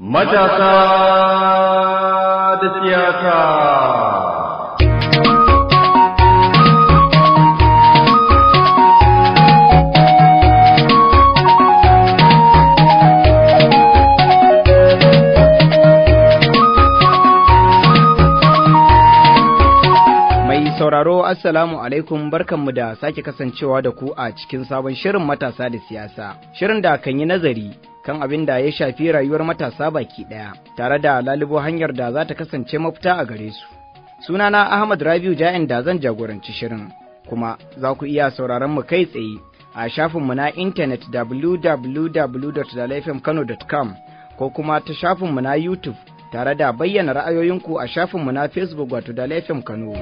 matasa da siyasa. Mai sauraro Assalamu alaikum barkanmu da sake kasancewa da ku a cikin sabon shirin matasa da siyasa, shirin da kan yi nazari kan abin da ya shafi rayuwar matasa baki ɗaya tare da lalubo hanyar da za ta kasance mafita a gare su sunana ahmad rabiu ja'in da zan jagoranci shirin kuma za ku iya sauraron mu kai tsaye a shafinmu na intanet www.dalafmkano.com ko kuma ta shafinmu na youtube tare da bayyana ra'ayoyinku a shafinmu na facebook wato dalafm kano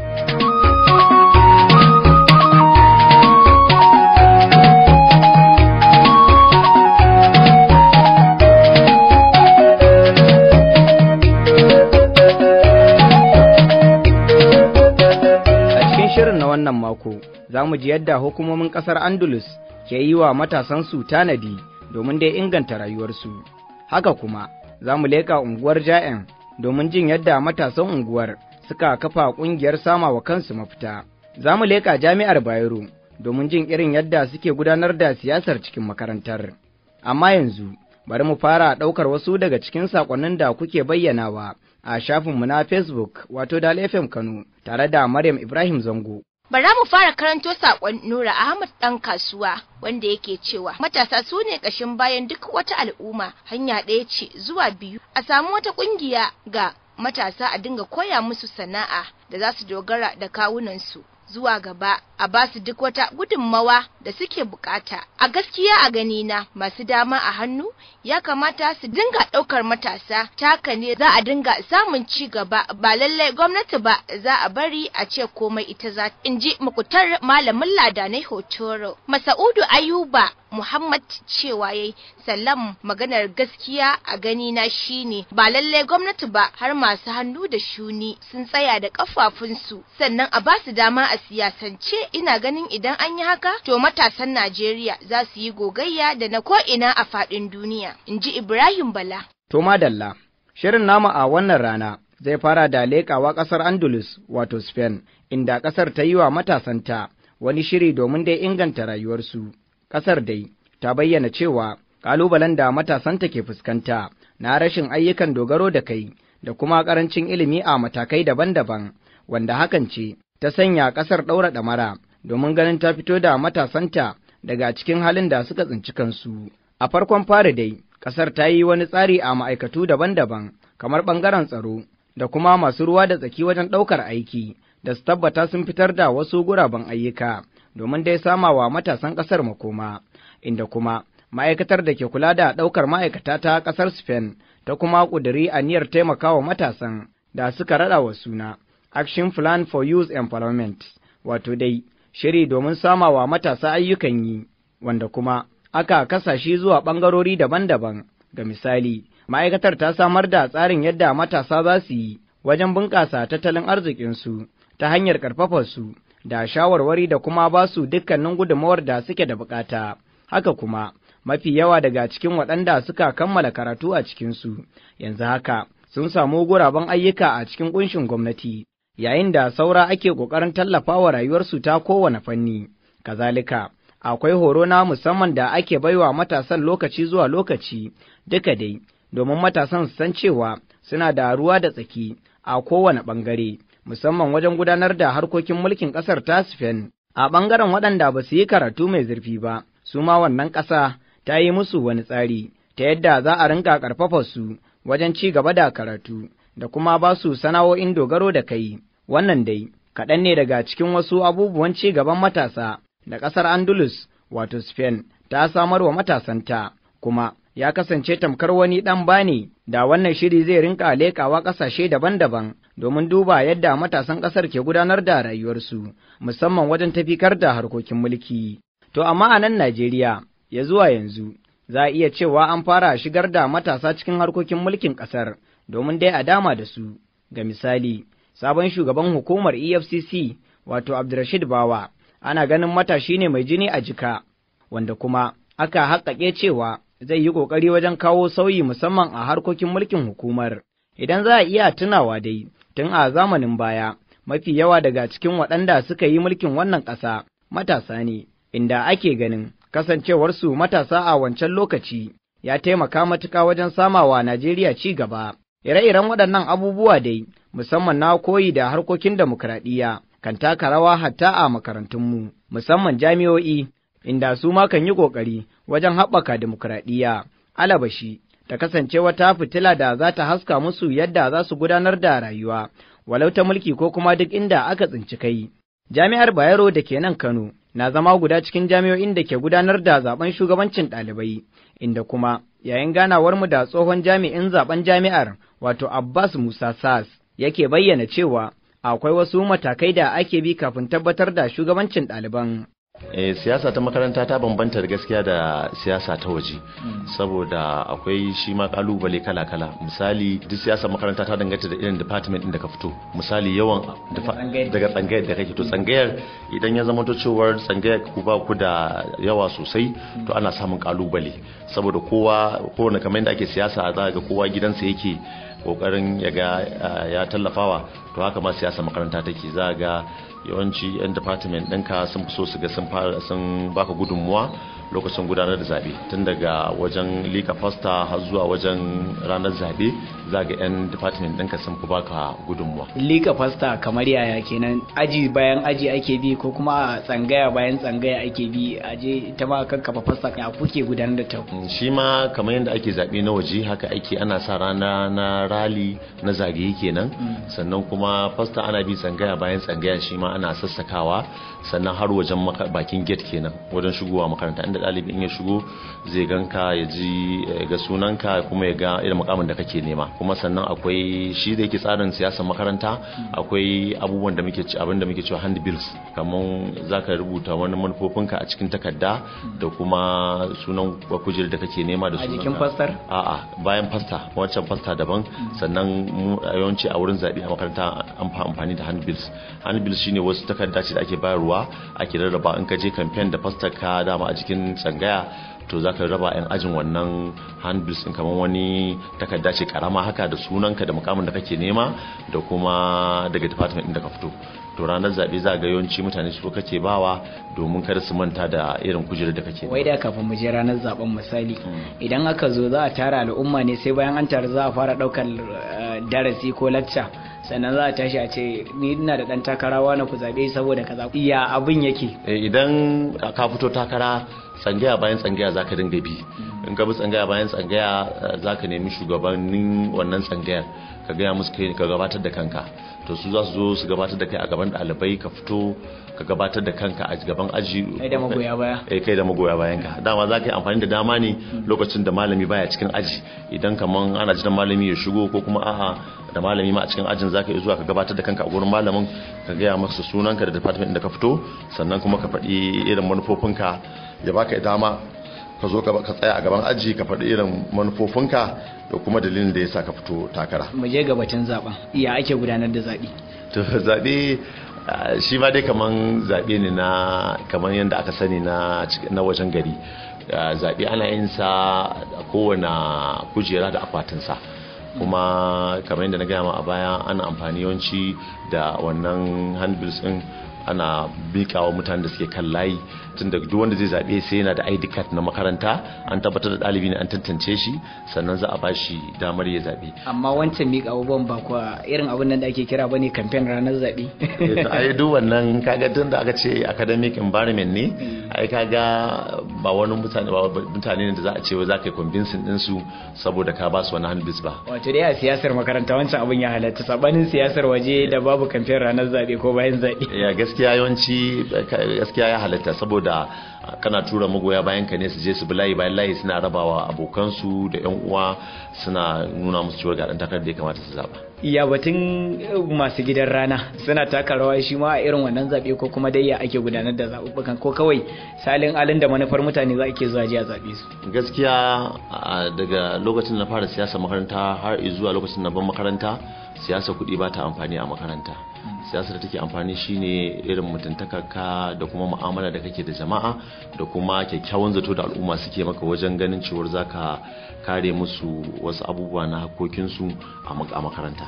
wannan mako za mu ji yadda hukumomin ƙasar Andalus ke yi wa matasansu tanadi domin dai inganta rayuwarsu. Haka kuma za mu leƙa unguwar ja'en domin jin yadda matasan unguwar suka kafa ƙungiyar sama wa kansu mafita. Za mu leƙa jami'ar Bayero domin jin irin yadda suke gudanar da siyasar cikin makarantar. Amma yanzu bari mu fara ɗaukar wasu daga cikin saƙonnin da kuke bayyanawa a shafinmu na Facebook wato Dal FM Kano tare da Maryam Ibrahim Zango. Bara mu fara karanto saƙon Nura Ahmad ɗan kasuwa wanda yake cewa matasa su ne ƙashin bayan duk wata al'umma hanya ɗaya ce zuwa biyu a samu wata ƙungiya ga matasa a dinga koya musu sana'a da za su dogara da kawunansu zuwa gaba a ba su duk wata gudunmawa da suke bukata. A gaskiya a ganina masu dama a hannu ya kamata su dinga ɗaukar matasa taka ne za a dinga samun ci gaba ba lallai gwamnati ba za a bari a ce komai ita za in ji mukutar malamin ladanai hotoro. Masa'udu Ayuba Muhammad cewa yayi sallam maganar gaskiya a ganina shine ba lallai gwamnati ba har masu hannu da shuni sun tsaya da kafafunsu sannan a ba su dama a siyasance ina ganin idan an yi haka to matasan Najeriya za su yi gogayya da na ko'ina a faɗin duniya, in ji Ibrahim Bala. To madalla, shirin namu a wannan rana zai fara da leƙawa ƙasar Andalus wato Spain, inda ƙasar ta yi wa matasanta wani shiri domin dai inganta rayuwarsu. Ƙasar dai ta bayyana cewa ƙalubalen da matasanta ke fuskanta na rashin ayyukan dogaro da kai da kuma ƙarancin ilimi a matakai daban-daban, wanda hakan ce ta sanya ƙasar ɗaura ɗamara domin ganin ta fito da matasanta daga cikin halin da suka tsinci kansu. A farkon fari dai, ƙasar ta yi wani tsari a ma'aikatu daban-daban, kamar ɓangaren tsaro, da kuma masu ruwa da tsaki wajen ɗaukar aiki, da su tabbata sun fitar da wasu guraben ayyuka, domin dai sama wa matasan ƙasar makoma, inda kuma ma'aikatar da ke kula da ɗaukar ma'aikata ta ƙasar Spain ta kuma ƙudiri a aniyar taimakawa matasan da suka raɗa wa suna. Action Plan for Youth Employment, wato dai, shiri domin samawa matasa ayyukan yi, wanda kuma aka kasashe zuwa ɓangarori daban-daban. Ga misali, ma'aikatar ta samar da tsarin yadda matasa za su yi wajen bunƙasa tattalin arzikinsu ta hanyar su da shawarwari da kuma ba su dukkanin gudunmawar da suke da bukata. Haka kuma, mafi yawa daga cikin waɗanda suka kammala karatu a cikinsu, yanzu haka sun samu guraben ayyuka a cikin ƙunshin gwamnati. yayin da saura ake ƙoƙarin tallafawa rayuwarsu ta kowane fanni. Kazalika, akwai horo na musamman da ake baiwa matasan lokaci zuwa lokaci duka dai, domin matasan su san cewa suna da ruwa da tsaki a kowane ɓangare, musamman wajen gudanar da harkokin mulkin ƙasar ta A ɓangaren waɗanda ba su yi karatu mai zurfi ba, su ma wannan ƙasa ta yi musu wani tsari, ta yadda za a rinka ƙarfafa su wajen ci gaba da karatu, da kuma ba su sana'o'in dogaro da kai. Wannan dai kaɗan ne daga cikin wasu abubuwan ci gaban matasa da ƙasar Andulus, wato Spain ta samar wa matasanta kuma ya kasance tamkar wani ɗan bani da wannan shiri zai rinka leƙawa ƙasashe daban-daban domin duba yadda matasan ƙasar ke gudanar da rayuwarsu musamman wajen tafikar da harkokin mulki. To amma a nan Najeriya ya zuwa yanzu za a iya cewa an fara shigar da matasa cikin harkokin mulkin ƙasar domin dai a dama da su. Ga misali, sabon shugaban hukumar efcc wato abdulrashid bawa ana ganin matashi ne mai jini a jika wanda kuma aka haƙaƙe cewa zai yi ƙoƙari wajen kawo sauyi musamman a harkokin mulkin hukumar idan za a iya tunawa dai tun a zamanin baya mafi yawa daga cikin waɗanda suka yi mulkin wannan ƙasa matasa ne inda ake ganin kasancewarsu matasa a wancan lokaci ya taimaka matuƙa wajen samawa Najeriya ci gaba. Ire-iren waɗannan abubuwa dai musamman na koyi da harkokin demokradiyya kan taka rawa hatta a makarantunmu, musamman jami'o'i, inda su ma kan yi ƙoƙari wajen haɓaka demokradiyya, alabashi, ta kasance wata fitila da za ta haska musu yadda za su gudanar da rayuwa, walau ta mulki ko kuma duk inda aka tsinci kai. Jami'ar Bayero da ke nan Kano na zama guda cikin jami'o'in da ke gudanar da zaben shugabancin ɗalibai, inda kuma yayin mu da tsohon jami'in zaben jami'ar wato Abbas Musa Sas yake bayyana cewa akwai wasu matakai da ake bi kafin tabbatar da shugabancin ɗaliban. E, siyasa ta makaranta ta bambanta gaskiya da siyasa ta waje saboda akwai shi ma kalubale kala-kala misali duk siyasa makaranta ta danganta da irin department din da ka fito misali yawan daga tsangayar da kake to tsangayar idan ya zama to cewar tsangayar ku ba ku da yawa sosai to ana samun kalubale saboda kowa kowane kamar yadda ake siyasa za ga kowa gidansa yake kokarin ya ga ya tallafawa to haka ma siyasa makaranta take za ga yawanci 'yan department ɗinka sun fi so su ga sun baka gudunmuwa lokacin gudanar da zaɓe tun daga wajen lika fasta har zuwa wajen ranar zaɓe za ga 'yan department ɗinka sun fi baka gudunmuwa. lika fasta kamar yaya kenan aji bayan aji ake bi ko kuma tsangaya bayan tsangaya ake bi aje ita ma kankafa fasta a kuke gudanar da ta mm, shi ma kamar yadda ake zaɓe na waje haka ake ana sa rana na rali na zagaye kenan mm. sannan kuma fasta ana bi tsangaya bayan tsangaya shi ma ana sassakawa sannan har wajen bakin gate kenan wajen shigowa makaranta inda da ɗalibin in ya shigo zai ganka ya ji eh, ga sunanka kuma ya ga irin mukamin da kake nema kuma sannan akwai shi da yake tsarin siyasar makaranta akwai abubuwan da muke abin da muke cewa handbills kamar zaka rubuta wani manufofinka a cikin takarda da kuma sunan kujerar da kake nema da sunan a jikin fastar a'a bayan fasta wancan fasta daban sannan yawanci a wurin zaɓe a makaranta an fa amfani da handbills handbills shine wasu takarda ce da ake bayarwa ake rarraba in ka je kamfen da fastar ka dama a jikin tsangaya to za ka raba 'yan ajin wannan handbills in kamar wani takarda ce karama haka da sunanka da mukamin da kake nema da kuma daga department ɗin da ka fito to ranar zaɓe za ga yawanci mutane su kake bawa domin kada su manta da irin kujerar da kake wai da kafin mu je ranar zaben misali hmm. idan aka zo za a tara al'umma ne sai bayan an tara za a fara ɗaukar eh, darasi ko lacca sannan za a tashi a ce ni ina da dan takarawa na ku zabe saboda kaza iya abin yake eh, idan ka fito takara tsangaya bayan tsangaya zaka dinga bi in ka bi tsangaya bayan tsangaya eh, zaka nemi shugabannin wannan tsangayar ka gaya musu kai ka gabatar da kanka to su za su zo su gabatar da kai a gaban ɗalibai ka fito ka gabatar da kanka a gaban aji kai da magoya baya eh da magoya bayan ka dama za ka yi amfani da dama ne lokacin da malami baya cikin aji idan kaman ana jiran malami ya shigo ko kuma a'a da malami ma a cikin ajin za ka yi zuwa ka gabatar da kanka a gurin malamin ka gaya masa sunanka da department da ka fito sannan kuma ka faɗi irin manufofinka ya baka dama ka zo ka tsaya a gaban aji ka faɗi irin manufofinka da kuma dalilin da ya sa ka fito takara mu je ga batun ya ake gudanar da zaɓe to zaɓe shi ma dai kaman zaɓe ne na kaman yadda aka sani na wajen gari zaɓe ana yin sa kowane kujera da akwatinsa kuma kamar yadda na gaya ma a baya ana amfani yawanci da wannan handbills din ana bikawa mutanen da suke kan layi tun da duk wanda zai zaɓe sai yana da ID card na makaranta an tabbatar da ɗalibi ne an tantance shi sannan za a ba shi damar ya zaɓe amma wancan miƙa abubuwan ba kuwa irin abin nan da ake kira ba ne campaign ranar zaɓe yi eh, duk wannan kaga tun da aka ce academic environment ne hmm. ai kaga ba wani mutane ba mutane ne da za a ce za ka yi convincing din su saboda ka ba su wani handbis ba wato dai a siyasar makaranta wancan abin ya halatta sabanin siyasar waje da babu campaign ranar zaɓe ko bayan zaɓe ya gaskiya yawanci gaskiya ya halatta saboda da ah, kana tura magoya bayan ka ne su je su bi layi bayan layi suna rabawa abokansu da yan uwa suna nuna musu cewa ga takar da ya kamata su zaba ya batun eh, masu gidan rana suna taka rawa shi ma a irin wannan zabe ko kuma dai ya ake gudanar da zaɓuɓɓukan ko kawai salin alin da manufar mutane za ke zuwa jiya zaɓe su gaskiya daga lokacin na fara siyasa makaranta har zuwa lokacin na ban makaranta siyasa kuɗi ba ta amfani a makaranta siyasar da take amfani shine irin mutuntaka ka da kuma mu'amala da kake da jama'a da kuma kyakkyawan zato da al'umma suke maka wajen ganin cewar zaka kare musu wasu abubuwa na hakokinsu a makaranta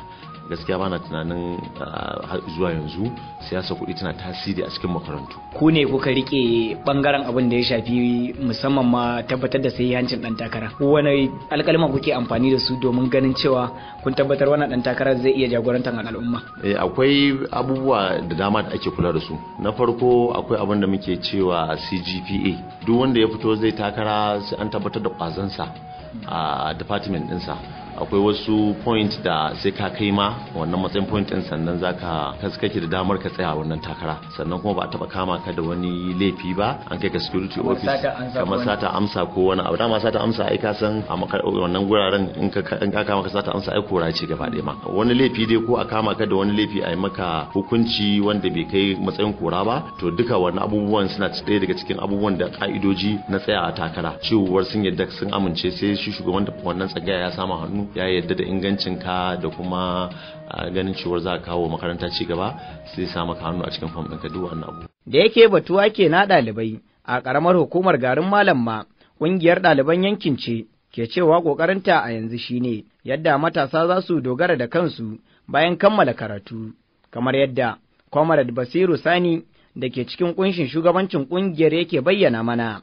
gaskiya bana tunanin ah, zuwa yanzu siyasa kuɗi tana tasiri a cikin makarantu ku ne kuka rike bangaren abin da ya shafi musamman ma tabbatar da sai hancin dan takara wani alƙalima kuke amfani da su domin ganin cewa kun tabbatar wannan dan takara zai iya jagorantar al'umma eh akwai abubuwa da dama da ake kula da su na farko akwai abin da muke cewa CGPA duk wanda ya fito zai takara sai an tabbatar da kwazansa a ah, department ɗinsa akwai wasu point da sai ka kai ma wannan matsayin point din sannan zaka kake da damar ka tsaya wannan takara sannan kuma ba a taba kama ka da wani laifi ba an kai ka security office kamar sata amsa ko wani abu dama sata amsa ai ka san a wannan guraren in ka kama ka sata amsa ai kora ce gaba ɗaya ma wani laifi dai ko a kama ka da wani laifi a yi maka hukunci wanda bai kai matsayin kora ba to duka wani abubuwan suna ɗaya daga cikin abubuwan da ka'idoji na tsaya a takara cewar sun yadda sun amince sai shi shugaban da wannan tsagaya ya sama hannu mu ya yadda da ingancin ka da kuma ganin cewar za ka kawo makaranta ci gaba sai sa maka hannu a cikin fam ɗinka duk wannan abu. Da yake batuwa ke na ɗalibai a ƙaramar hukumar garin malam ma ƙungiyar ɗaliban yankin ce ke cewa ƙoƙarinta a yanzu shine yadda matasa za su dogara da kansu bayan kammala karatu kamar yadda Comrade Basiru Sani da ke cikin ƙunshin shugabancin ƙungiyar yake bayyana mana.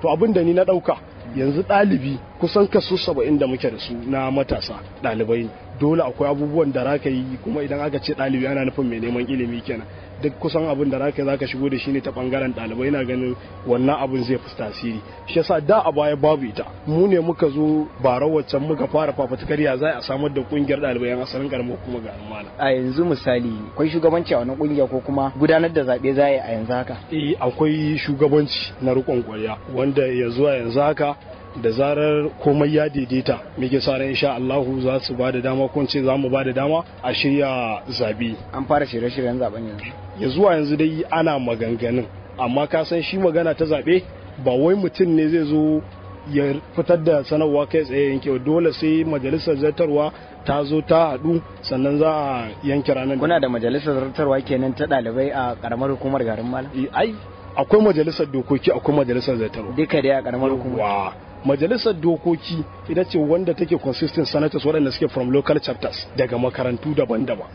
To abin da ni na ɗauka yanzu ɗalibi kusan kaso saba'in da muke da su na matasa ɗalibai dole akwai abubuwan da raka yi kuma idan aka ce ɗalibi ana nufin mai neman ilimi kenan duk kusan abin da za ka shigo da shi ne ta bangaren ɗalibai ina ganin wannan abin zai fi tasiri shi yasa da a baya babu ita mu ne muka zo bara waccan muka fara fafutukar ya za a samar da kungiyar ɗalibai yan asalin karamar kuma ga mala a yanzu misali akwai shugabanci a wannan kungiya ko kuma gudanar da zaɓe za a yi a yanzu haka eh akwai shugabanci na riƙon ƙwarya wanda ya zuwa yanzu haka da zarar komai ya daidaita muke sa ran insha Allahu za su ba da dama ko ce za mu ba da dama a shirya zabi an fara shirye-shiryen zaben yanzu ya zuwa yanzu dai ana maganganun amma ka san shi magana ta zabe ba wai mutum ne zai zo ya fitar da sanarwa kai tsaye yanke dole sai majalisar zartarwa ta zo ta haɗu sannan za a yanke ranar kuna da majalisar zartarwa kenan ta ɗalibai a ƙaramar hukumar garin malam ai akwai majalisar dokoki akwai majalisar zartarwa duka dai a ƙaramar hukumar majalisar dokoki ita ce wanda take consistent senators waɗanda suke from local chapters daga makarantu daban-daban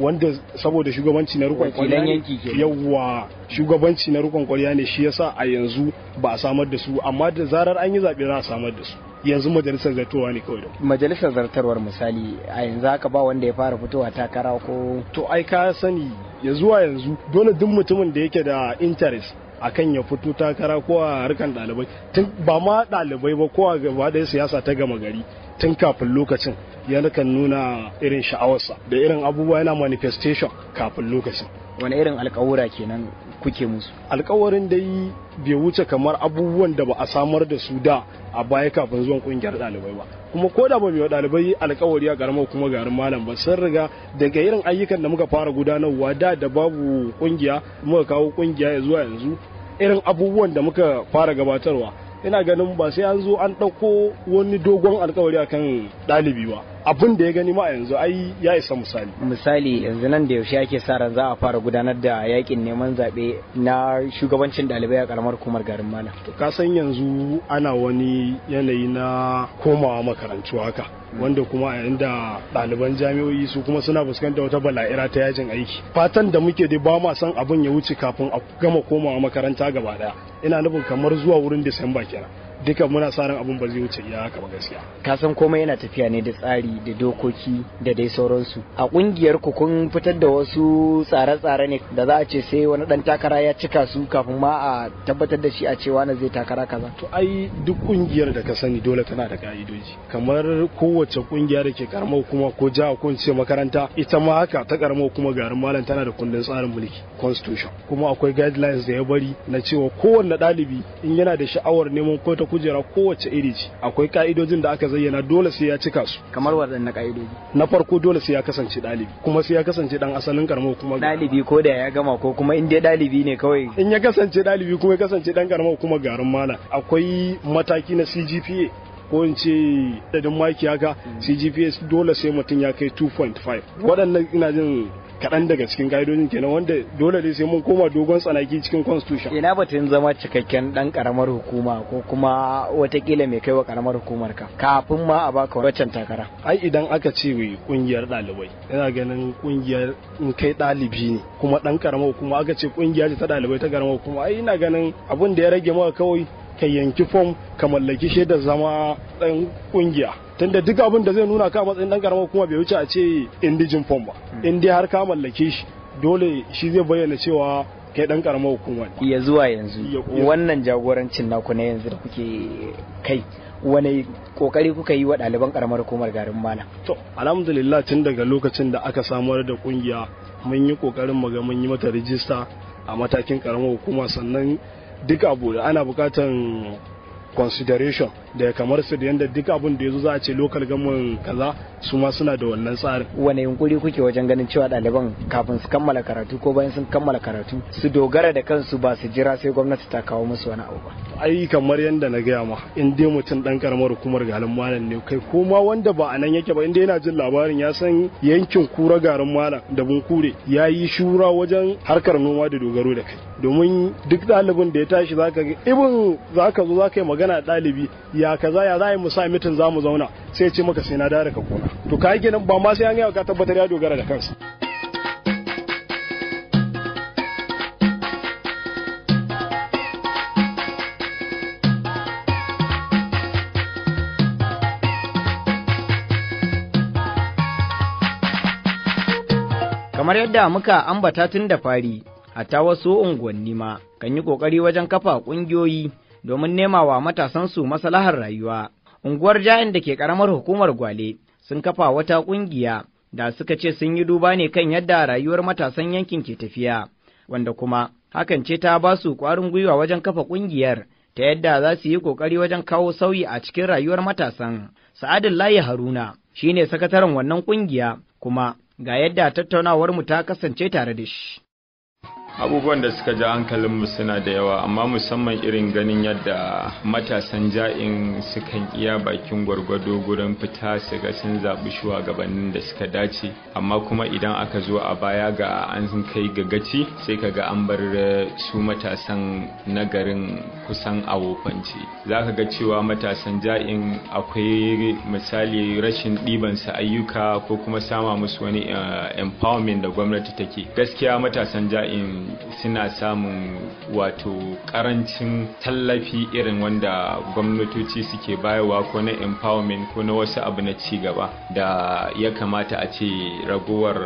wanda saboda shugabanci na rukun kwariya ne Yawwa shugabanci na rukun kwariya ne shi yasa a yanzu ba a samar da su amma da zarar an yi zaɓe za a samar da su yanzu majalisar zartarwa ne kawai majalisar zartarwar misali a yanzu haka ba wanda ya fara fitowa takara ko to ai ka sani ya zuwa yanzu dole duk mutumin da yake da interest akan ya fito takara ko a harkan ɗalibai tun ba ma ɗalibai ba ko a gaba da siyasa ta gama gari tun kafin lokacin ya kan nuna irin sha'awarsa da irin abubuwa yana manifestation kafin lokacin wani irin alƙawura kenan kuke musu alkawarin dai bai wuce kamar abubuwan da ba a samar da su da a baya kafin zuwan kungiyar dalibai ba kuma ko da ba mai dalibai alkawari a garma kuma garin malam ba sun riga daga irin ayyukan da muka fara gudanarwa da da babu kungiya muka kawo kungiya ya zuwa yanzu irin abubuwan da muka fara gabatarwa ina ganin ba sai an zo an ɗauko wani dogon alkawari akan ɗalibi ba abin da ya gani ma yanzu ai ya isa misali misali yanzu nan da yaushe ake sa ran za a fara gudanar da yakin neman zaɓe na shugabancin ɗalibai a karamar hukumar garin mana to ka san yanzu ana wani yanayi na komawa makarantu haka wanda kuma a inda ɗaliban jami'o'i su kuma suna fuskantar wata bala'ira ta yajin aiki fatan da muke dai ba ma san abin ya wuce kafin a gama komawa makaranta gaba daya ina nufin kamar zuwa wurin disamba kenan duka muna sa ran abun ba zai wuce iya haka ba gaskiya ka san komai yana tafiya ne da tsari da dokoki da dai sauransu a kungiyar ku kun fitar da wasu tsare-tsare ne da za a ce sai wani dan takara ya cika su kafin ma a tabbatar da shi a cewa na zai takara kaza to ai duk kungiyar da ka sani dole tana da ka'idoji kamar kowace kungiya da ke karamar kuma ko jiha ko ce makaranta ita ma haka ta karamar kuma garin malam tana da kundin tsarin mulki constitution kuma akwai guidelines da ya bari na cewa kowanne ɗalibi in yana da sha'awar neman ko ta kujera kowace iri ce akwai ka'idojin da aka zayyana dole sai ya cika su kamar waɗanne ka'idoji na farko dole sai ya kasance ɗalibi kuma sai ya kasance dan asalin karamar kuma ɗalibi ko da ya gama ko kuma in dai ɗalibi ne kawai in ya kasance ɗalibi kuma ya kasance dan karamar kuma garin mala akwai mataki na CGPA ko in ce dadin maki haka hmm. CGPA dole sai mutum ya kai 2.5 waɗannan ina jin kaɗan daga cikin ka'idojin kenan wanda dole ne sai mun koma dogon tsanaki cikin constitution ina batun zama cikakken dan karamar hukuma ko kuma watakila mai wa karamar hukumar ka kafin ma a baka waccan takara ai idan aka ce wai kungiyar ɗalibai ina ganin kungiyar in kai ɗalibi ne kuma dan karamar hukuma aka ce kungiya ta ɗalibai ta karamar hukuma ai ina ganin abin da ya rage maka kawai ka yanki fom ka mallaki shaidar zama ɗan kungiya tunda duk abin da zai nuna ka matsayin dan karamar hukuma bai wuce a ce indijin fom ba hmm. in dai har ka mallake shi dole shi zai bayyana cewa kai dan karamar hukuma ne ya zuwa yanzu wannan jagorancin naku na yanzu da kuke kai wani kokari kuka yi wa ɗaliban karamar hukumar garin Malam. to alhamdulillah tun daga lokacin da aka samar da kungiya mun yi kokarin mu ga mun yi mata rijista a matakin karamar hukuma sannan duk abu da ana bukatan consideration da kamar su da yadda duk abin da ya zo za a ce local government kaza su ma suna da wannan tsarin wane yunkuri kuke wajen ganin cewa ɗaliban kafin su kammala karatu ko bayan sun kammala karatu su dogara da kansu ba su jira sai gwamnati ta kawo musu wani abu ba ai kamar yadda na gaya ma in dai mutum dan karamar hukumar garin malam ne kai ko ma wanda ba a nan yake ba in dai yana jin labarin ya san yankin kura garin malam da kure ya yi shura wajen harkar noma da dogaro da kai domin duk ɗalibin da ya tashi zaka ga ibin zaka zo zaka yi magana ɗalibi ya ya kaza ya za mu sa mitin za mu zauna sai ce maka sai na dare ka kona to ka yi ba ma sai an yi ka tabbatar ya dogara da kansa kamar yadda muka ambata tun da fari a wasu unguwanni ma kan yi ƙoƙari wajen kafa ƙungiyoyi domin nema wa matasansu masalahar rayuwa. Unguwar Jain da ke ƙaramar hukumar Gwale sun kafa wata ƙungiya da suka ce sun yi duba ne kan yadda rayuwar matasan yankin ke tafiya, wanda kuma hakan ce ta ba su ƙwarin gwiwa wajen kafa ƙungiyar ta yadda za su yi ƙoƙari wajen kawo sauyi a cikin rayuwar matasan. Sa'adin Layi Haruna shi ne sakataren wannan ƙungiya kuma ga yadda tattaunawar mu ta kasance tare da shi. abubuwan da suka ja hankalinmu suna da yawa amma musamman irin ganin yadda matasan ja'in sukan iya bakin gwargwado gurin fita su ga sun zaɓi shugabannin da suka dace amma kuma idan aka zo a baya ga an kai gaci sai ka ga an bar su matasan na garin kusan a za ka ga cewa matasan ja'in akwai misali rashin ɗiban su ayyuka ko kuma sama musu wani eh, empowerment da gwamnati take gaskiya matasan ja'in suna samun wato karancin tallafi irin wanda gwamnatoci suke bayarwa ko na empowerment ko na wasu abu na cigaba da ya kamata a ce ragowar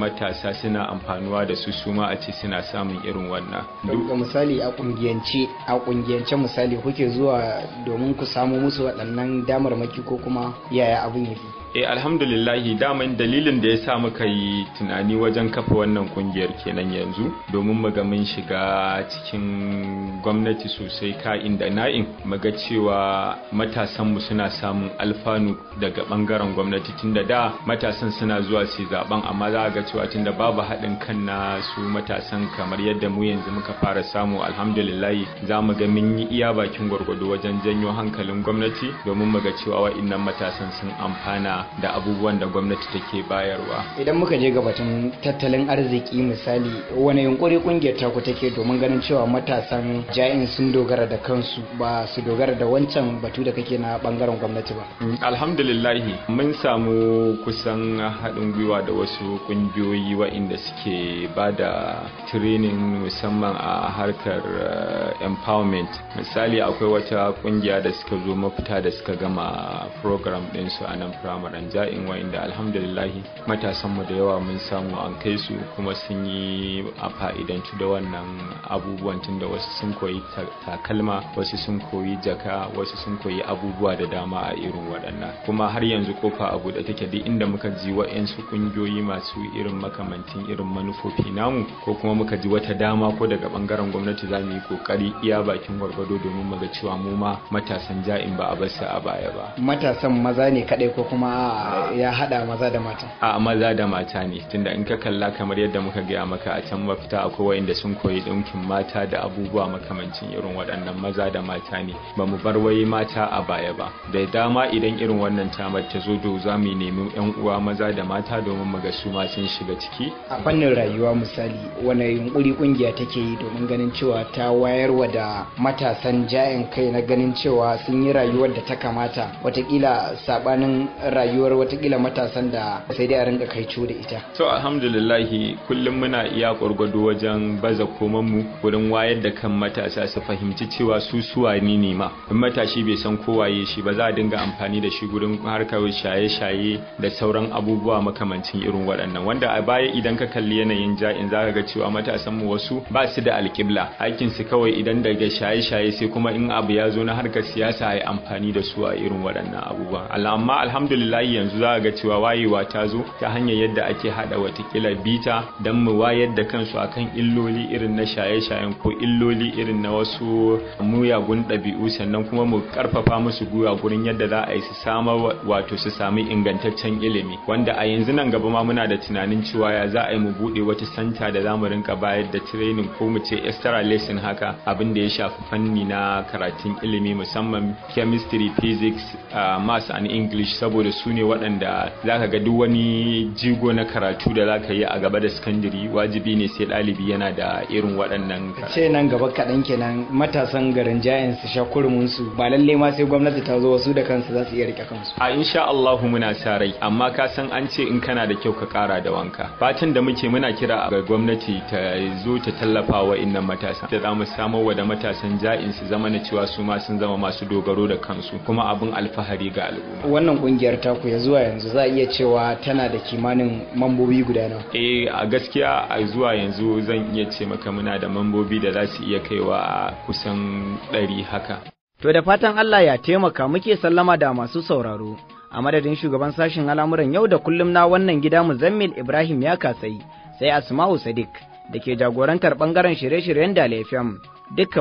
matasa suna amfanuwa da su suma a ce suna samun irin wannan duk misali a kungiyance a kungiyance misali kuke zuwa domin ku samu musu waɗannan damarmaki ko kuma yaya abin yake eh alhamdulillahi daman dalilin da ya sa muka yi tunani wajen kafa wannan kungiyar kenan yanzu domin muga ga mun shiga cikin gwamnati sosai ka da na'in muga cewa matasan mu suna samun alfanu daga bangaren gwamnati tunda da matasan suna zuwa su zaben amma za ga cewa tunda babu haɗin kan na su matasan kamar yadda mu yanzu muka fara samu alhamdulillahi za mu ga mun yi iya bakin gwargwado wajen janyo hankalin gwamnati domin muga ga cewa wa'innan matasan sun amfana da abubuwan da gwamnati take bayarwa idan muka je gabatun tattalin arziki misali wani yunkuri kungiyar taku take domin ganin cewa matasan ja'in sun dogara da kansu ba su dogara da wancan batu da kake na bangaren gwamnati ba mm, alhamdulillahi mun samu kusan haɗin gwiwa da wasu kungiyoyi waɗanda suke ba da training musamman a harkar eh, empowerment misali akwai wata kungiya da suka zo mafita da suka gama program ɗinsu a nan primary dan ja'in wa'inda alhamdulillahi matasanmu da yawa mun samu an kai su kuma sun yi a fa'idanci da wannan abubuwan tun da wasu sun koyi takalma wasu sun koyi jaka wasu sun koyi abubuwa da dama a irin waɗannan kuma har yanzu kofa a buɗe take duk inda muka ji wa'insu ƙungiyoyi masu irin makamantin irin manufofi namu ko kuma muka ji wata dama ko daga ɓangaren gwamnati za mu yi ƙoƙari iya bakin gwargwado domin mu ga cewa mu ma matasan ja'in ba a bar a baya ba matasan maza ne kaɗai ko kuma Ah, ya hada maza da mata a maza da mata ne tunda in ka kalla kamar yadda muka gaya maka a can mafita akwai inda sun koyi dinkin mata da abubuwa makamancin irin waɗannan maza da mata ne ba mu bar wai mata a baya ba da dama idan irin wannan tamar ta zo doza za mu nemi yan uwa maza da mata domin mu ga su ma sun shiga ciki a fannin rayuwa misali wani yunkuri kungiya take yi domin ganin cewa ta wayar wa da matasan jayin kai na ganin cewa sun yi rayuwar da ta kamata watakila sabanin rayuwa rayuwar watakila matasan da sai dai a rinka kai ciwo da ita to alhamdulillah kullum muna iya gwargwado wajen baza koman mu wurin wayar da kan matasa su fahimci cewa su ni ne ma in matashi bai san ko waye shi ba za a dinga amfani da shi gurin harkar shaye-shaye da sauran abubuwa makamancin irin waɗannan wanda a baya idan ka kalli yanayin ja'in ka ga cewa matasan mu wasu ba su da alƙibla aikin su kawai idan daga shaye-shaye sai kuma in abu ya zo na harkar siyasa yi amfani da su a irin waɗannan abubuwa amma alhamdulillah alhamdulillah yanzu za ga cewa wayewa ta zo ta hanyar yadda ake hada watakila bita don mu wayar da kansu akan illoli irin na shaye-shayen ko illoli irin na wasu muyagun ɗabi'u sannan kuma mu karfafa musu gwiwa gurin yadda za a yi su samar wato su sami ingantaccen ilimi wanda a yanzu nan gaba ma muna da tunanin cewa ya za a yi mu bude wata santa da za mu rinka bayar da training ko mu ce extra lesson haka abin da ya shafi fanni na karatun ilimi musamman chemistry physics uh, maths and english saboda su ne waɗanda za ka ga duk wani jigo na karatu da za ka yi a gaba da sakandiri wajibi ne sai ɗalibi yana da irin waɗannan ce nan gaba kaɗan kenan matasan garin jayan su sha kurumin ba lalle ma sai gwamnati ta zo wasu da kansu za su iya rike kansu a insha Allahu muna sa rai amma ka san an ce in kana da kyau ka ƙara da wanka fatan da muke muna kira ga gwamnati ta zo ta tallafa wa innan matasan da za mu samu wa da matasan jayan su zama na cewa su ma sun zama masu dogaro da kansu kuma abin alfahari ga al'umma wannan kungiyar ta ku ya zuwa yanzu za a iya cewa tana da kimanin mambobi guda nawa eh a gaskiya a zuwa yanzu zan iya ce maka muna da mambobi da za su iya kaiwa a kusan ɗari haka to da fatan Allah ya taimaka muke sallama da masu sauraro a madadin shugaban sashen al'amuran yau da kullum na wannan gida muzammil ibrahim ya kasai sai asma'u sadiq da ke jagorantar bangaren shirye-shiryen da fm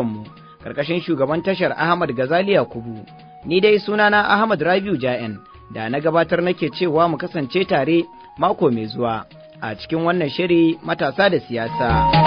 mu, karkashin shugaban tashar ahmad gazali Kubu, ni dai sunana ahmad rabiu ja'en da na gabatar nake cewa mu kasance tare mako mai zuwa a cikin wannan shiri matasa da siyasa.